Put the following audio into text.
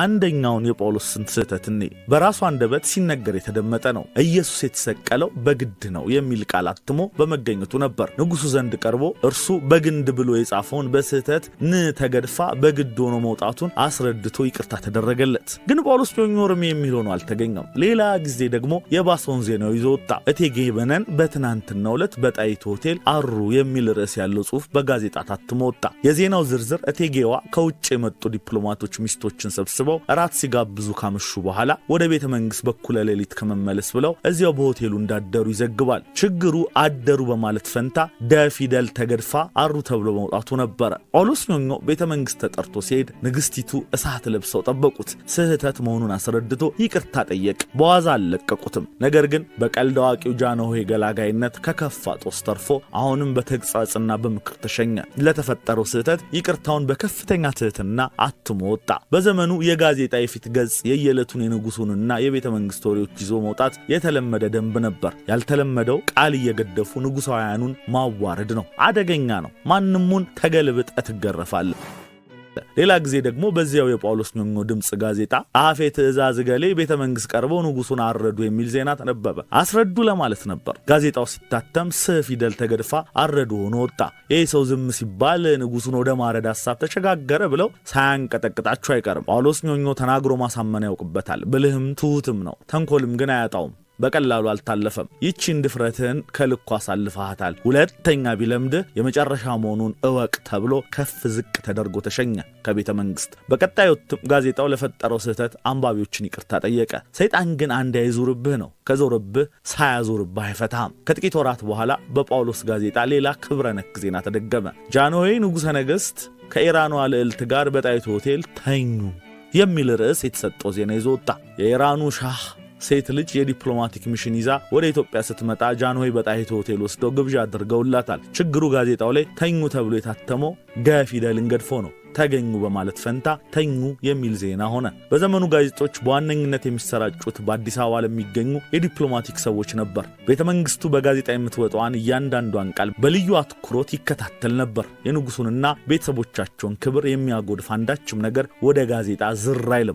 አንደኛውን የጳውሎስን ስህተት እኔ በራሱ አንደበት ሲነገር የተደመጠ ነው። ኢየሱስ የተሰቀለው በግድ ነው የሚል ቃል አትሞ በመገኘቱ ነበር። ንጉሱ ዘንድ ቀርቦ እርሱ በግንድ ብሎ የጻፈውን በስህተት ን ተገድፋ በግድ ሆኖ መውጣቱን አስረድቶ ይቅርታ ተደረገለት። ግን ጳውሎስ ቢኞርም የሚል ሆኖ አልተገኘም። ሌላ ጊዜ ደግሞ የባሰውን ዜናው ይዞ ወጣ። እቴጌ በነን በትናንትናው ዕለት በጣይቱ ሆቴል አሩ የሚል ርዕስ ያለው ጽሑፍ በጋዜጣ ታትሞ ወጣ። የዜናው ዝርዝር እቴጌዋ ከውጭ የመጡ ዲፕሎማቶች ሚስቶችን ሰብስ ተሰብስበው እራት ሲጋብዙ ካመሹ በኋላ ወደ ቤተ መንግሥት በኩለ ሌሊት ከመመለስ ብለው እዚያው በሆቴሉ እንዳደሩ ይዘግባል። ችግሩ አደሩ በማለት ፈንታ ደፊደል ተገድፋ አሩ ተብሎ መውጣቱ ነበረ። ኞኞ ቤተ መንግሥት ተጠርቶ ሲሄድ ንግስቲቱ እሳት ለብሰው ጠበቁት። ስህተት መሆኑን አስረድቶ ይቅርታ ጠየቅ። በዋዛ አልለቀቁትም። ነገር ግን በቀልድ አዋቂው ጃንሆይ ገላጋይነት ከከፋ ጦስ ተርፎ አሁንም በተግሣጽና በምክር ተሸኘ። ለተፈጠረው ስህተት ይቅርታውን በከፍተኛ ትህትና አትሞ ወጣ። በዘመኑ የጋዜጣ የፊት ገጽ የየዕለቱን የንጉሱንና የቤተ መንግሥት ወሬዎች ይዞ መውጣት የተለመደ ደንብ ነበር። ያልተለመደው ቃል እየገደፉ ንጉሳውያኑን ማዋረድ ነው። አደገኛ ነው። ማንሙን ተገልብጠ ትገረፋለን። ሌላ ጊዜ ደግሞ በዚያው የጳውሎስ ኞኞ ድምፅ ጋዜጣ አፌ ትእዛዝ ገሌ ቤተ መንግስት ቀርበው ንጉሱን አረዱ የሚል ዜና ተነበበ። አስረዱ ለማለት ነበር። ጋዜጣው ሲታተም ስ ፊደል ተገድፋ አረዱ ሆኖ ወጣ። ይህ ሰው ዝም ሲባል ንጉሱን ወደ ማረድ ሀሳብ ተሸጋገረ ብለው ሳያንቀጠቅጣቸው አይቀርም። ጳውሎስ ኞኞ ተናግሮ ማሳመን ያውቅበታል። ብልህም ትሁትም ነው። ተንኮልም ግን አያጣውም። በቀላሉ አልታለፈም። ይቺን ድፍረትን ከልኩ አሳልፈሃታል። ሁለተኛ ቢለምድህ የመጨረሻ መሆኑን እወቅ ተብሎ ከፍ ዝቅ ተደርጎ ተሸኘ ከቤተ መንግስት። በቀጣዩ እትም ጋዜጣው ለፈጠረው ስህተት አንባቢዎችን ይቅርታ ጠየቀ። ሰይጣን ግን አንድ አይዙርብህ ነው። ከዞርብህ ሳያዞርብህ አይፈታም። ከጥቂት ወራት በኋላ በጳውሎስ ጋዜጣ ሌላ ክብረ ነክ ዜና ተደገመ። ጃንሆይ ንጉሠ ነገሥት ከኢራኗ ልዕልት ጋር በጣይቱ ሆቴል ተኙ የሚል ርዕስ የተሰጠው ዜና ይዞ ወጣ። የኢራኑ ሻህ ሴት ልጅ የዲፕሎማቲክ ሚሽን ይዛ ወደ ኢትዮጵያ ስትመጣ ጃንሆይ በጣይቱ ሆቴል ወስደው ግብዣ አድርገውላታል። ችግሩ ጋዜጣው ላይ ተኙ ተብሎ የታተመው ገ ገድፎ ነው። ተገኙ በማለት ፈንታ ተኙ የሚል ዜና ሆነ። በዘመኑ ጋዜጦች በዋነኝነት የሚሰራጩት በአዲስ አበባ ለሚገኙ የዲፕሎማቲክ ሰዎች ነበር። ቤተ መንግስቱ በጋዜጣ የምትወጣዋን እያንዳንዷን ቃል በልዩ አትኩሮት ይከታተል ነበር። የንጉሱንና ቤተሰቦቻቸውን ክብር የሚያጎድፍ አንዳችም ነገር ወደ ጋዜጣ ዝር አይልም።